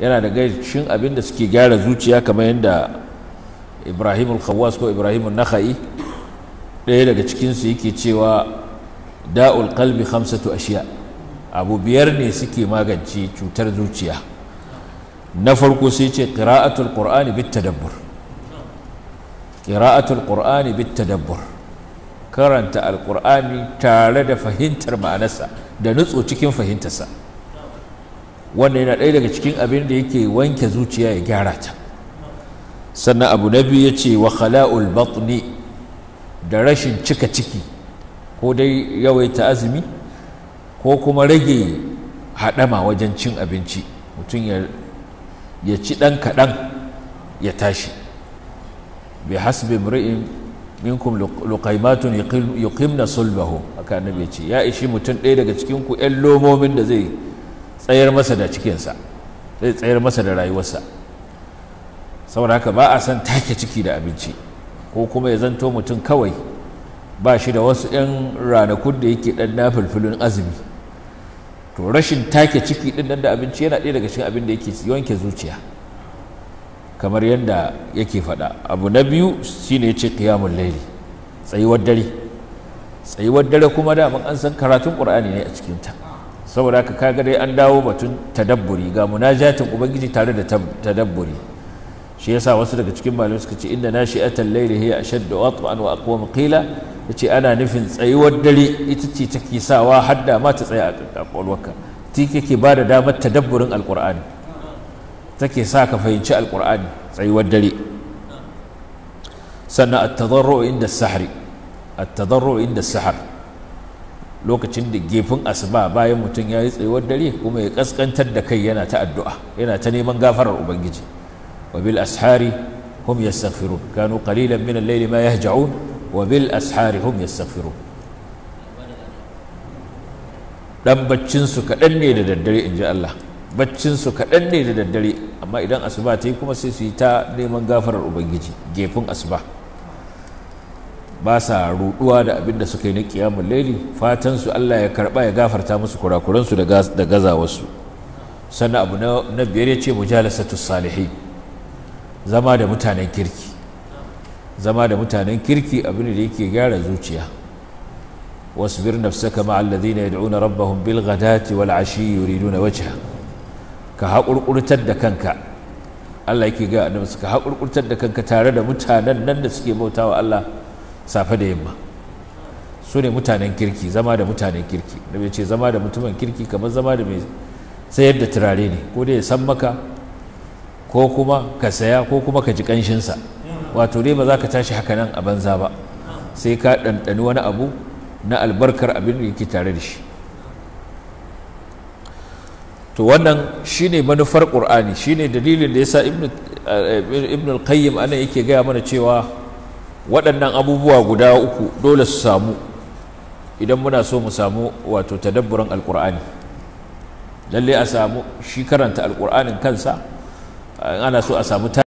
yana da cikin abin da suke gyara zuciya kamar yadda ibrahim al-khawwas ko ibrahim al-nakha'i ɗaya daga cikinsu yake cewa da'ul qalbi khamsatu ashiya abu biyar ne suke magance cutar zuciya na farko sai ce qira'atul qur'ani bit tadabbur qira'atul qur'ani bit tadabbur karanta al-qur'ani tare da fahimtar ma'anarsa da nutso cikin fahimtarsa wannan yana ɗaya daga cikin abin da yake wanke zuciya ya gyara ta sannan abu na biyu ya ce wa khala'ul batni da rashin cika ciki ko dai yawaita azumi ko kuma rage haɗama wajen cin abinci mutum ya ci ɗan kaɗan ya tashi bi hasbi mri'in minkum luqaimatun yuqimna sulbahu haka annabi ya ce ya ishi mutum ɗaya daga cikin ku ƴan lomomin da zai tsayar masa da cikinsa zai tsayar masa da rayuwarsa saboda haka ba a san take ciki da abinci ko kuma ya zanto mutum kawai ba shi da wasu 'yan ranakun da yake dan na filfilin azumi to rashin take ciki din nan da abinci yana ɗaya daga cikin abin da yake wanke zuciya kamar yadda yake faɗa abu na biyu shine ya ce kiyamun laili tsayuwar dare tsayuwar dare kuma daman an san karatun ƙur'ani ne a cikinta saboda haka kaga dai an dawo batun tadabburi ga munajatin ubangiji tare da tadabburi shi yasa wasu daga cikin malamai suka ce inda nashi'atal layli hiya ashaddu atman wa aqwam qila yace ana nufin tsayuwar dare ita ce take sawa hadda ma ta tsaya a kwakwalwarka ta yake ba da damar tadabburin alkur'ani take sa ka fahimci alkur'ani tsayuwar dare sannan at-tadarru inda sahri at-tadarru inda lokacin da gefin asuba bayan mutum ya yi tsayuwar dare kuma ya kaskantar da kai yana ta addu'a yana ta neman gafarar ubangiji wa bil ashari hum yastaghfirun kanu qalilan min al-layli ma yahja'un wa bil ashari hum yastaghfirun dan baccin su kadan ne da daddare inji Allah baccin su kadan ne da daddare amma idan asuba ta yi kuma sai su yi ta neman gafarar ubangiji gefin asuba ba sa ruduwa da abin da suka yi na kiyamun laili fatan su Allah ya karba ya gafarta musu kurakuransu da gazawarsu sannan abu na biyar ya ce mujalasatu salihin zama da mutanen kirki zama da mutanen kirki abin da yake gyara zuciya wasbir nafsaka ma alladhina yad'una rabbahum bil ghadati wal ashi yuriduna wajha ka haƙurƙurtar da kanka Allah yake ga annabi ka haƙurƙurtar da kanka tare da mutanen nan da suke bautawa Allah safe da yamma su ne mutanen kirki zama da mutanen kirki da bai ce zama da mutumin kirki kamar zama da mai sayar da turare ne ko dai ya san maka ko kuma ka saya ko kuma ka ji kanshinsa wato dai ba za ka tashi haka nan a banza ba sai ka ɗanɗani wani abu na albarkar abin da yake tare da shi to wannan shine manufar ƙur'ani shine dalilin da ya sa eh, ibn al-qayyim anan yake gaya mana cewa waɗannan abubuwa guda uku dole su samu idan muna so mu samu wato tadabburan alkur'ani lalle a samu shi karanta alkur'anin kansa ana so a samu